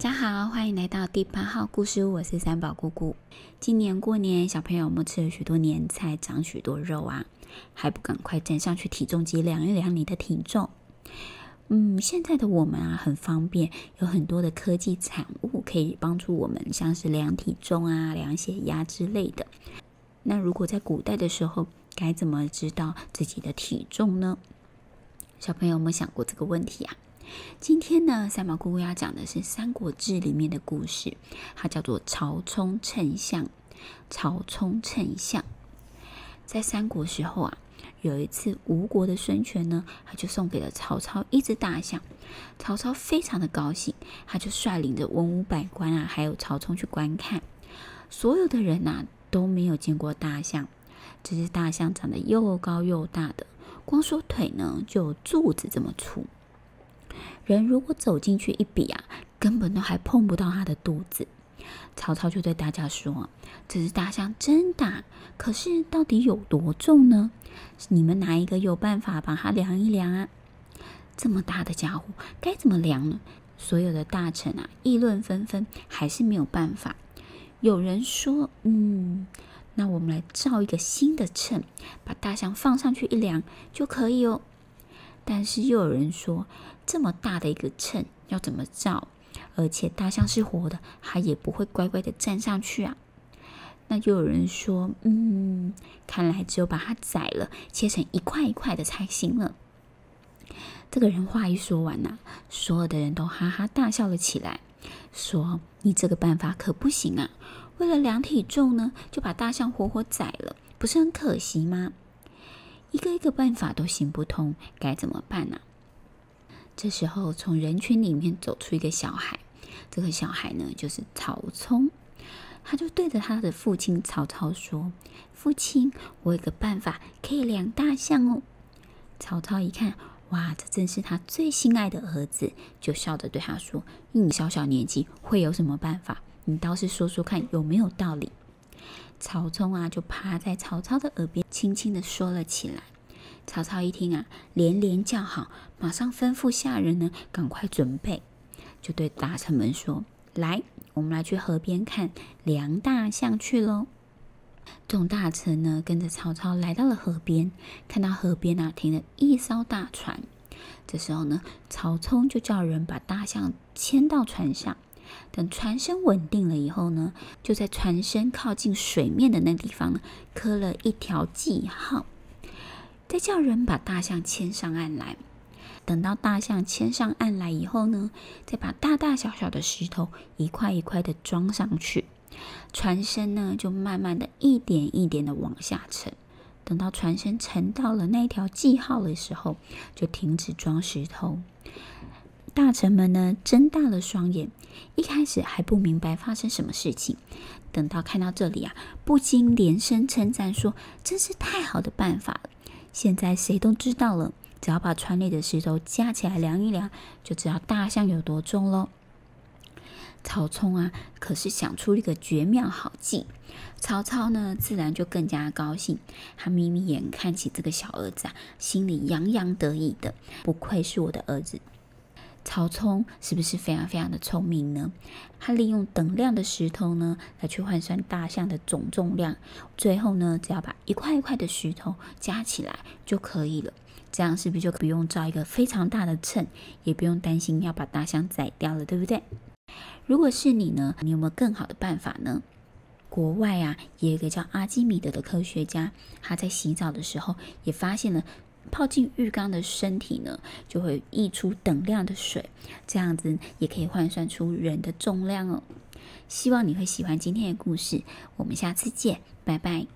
大家好，歡迎來到第八號故事屋。我是三寶菇菇。今年過年，小朋友們吃了許多年菜，長許多肉啊，還不趕快站上去體重機量一量你的體重？嗯，現在的我們啊，很方便，有很多的科技產物可以幫助我們，像是量體重啊、量血壓之類的。那如果在古代的時候，該怎麼知道自己的體重呢？小朋友有沒有想過這個問題啊？今天呢，三寶菇菇要講的是《三國志》裡面的故事，它叫做曹象《曹沖稱象》。曹沖稱象，在三國時候啊，有一次吳國的孫權呢，他就送給了曹操一隻大象。曹操非常的高興，他就率領着文武百官啊，還有曹沖去觀看。所有的人吶、啊、都沒有見過大象，這隻大象長得又高又大的，的光說腿呢就有柱子這麼粗。人如果走進去一比啊，根本都還碰不到他的肚子。曹操就對大家說：“這隻大象真大，可是到底有多重呢？你們哪一個有辦法把它量一量啊？這麼大的家伙該怎麼量呢？”所有的大臣啊議論紛紛，還是沒有辦法。有人說：“嗯，那我們來造一個新的秤，把大象放上去一量就可以哦。”但是又有人說，這麼大的一個秤要怎麼造？而且大象是活的，它也不會乖乖的站上去啊。那就有人說，嗯，看來只有把它宰了，切成一塊一塊的才行了。這個人話一說完吶、啊，所有的人都哈哈大笑了起來，說：“你這個辦法可不行啊！為了量體重呢，就把大象活活宰了，不是很可惜嗎？”一個一個辦法都行不通，該怎麼辦呢？這時候，從人群裡面走出一個小孩，這個小孩呢就是曹沖，他就對着他的父親曹操說：“父親，我有個辦法可以量大象哦。”曹操一看，哇，這正是他最心愛的兒子，就笑着對他說：“因為你小小年紀會有什麼辦法？你倒是說說看，有沒有道理？”曹沖啊，就趴在曹操的耳邊，輕輕地說了起來。曹操一聽啊，連連叫好，馬上吩咐下人呢，趕快準備。就對大臣們說：“來，我們來去河邊看量大象去嘍！”眾大臣呢，跟着曹操來到了河邊，看到河邊啊，停了一艘大船。這時候呢，曹沖就叫人把大象牽到船上。等船身穩定了以後呢，就在船身靠近水面的那地方刻了一條記號。再叫人把大象牽上岸來。等到大象牽上岸來以後呢，再把大大小小的石頭一塊一塊的裝上去。船身呢，就慢慢的一點一點的往下沉。等到船身沉到了那條記號的時候，就停止裝石頭。大臣們呢，睜大了雙眼，一開始還不明白發生什麼事情，等到看到這裡啊，不禁連聲稱讚說：“真是太好的辦法了！現在誰都知道了，只要把船裡的石頭加起來量一量，就知道大象有多重嘍。”曹沖啊，可是想出了一個絕妙好計，曹操呢，自然就更加高興。他眯眯眼看起這個小兒子啊，心裡洋洋得意的，不愧是我的兒子。曹沖是不是非常非常的聰明呢？他利用等量的石頭呢，來去換算大象的總重量，最後呢，只要把一塊一塊的石頭加起來就可以了。這樣是不是就不用造一個非常大的秤，也不用擔心要把大象宰掉了，對不對？如果是你呢，你有沒有更好的辦法呢？國外啊，也有一個叫阿基米德的科學家，他在洗澡的時候也發現了。泡進浴缸的身體呢，就會溢出等量的水，這樣子也可以換算出人的重量哦。希望你會喜歡今天的故事，我們下次見，拜拜。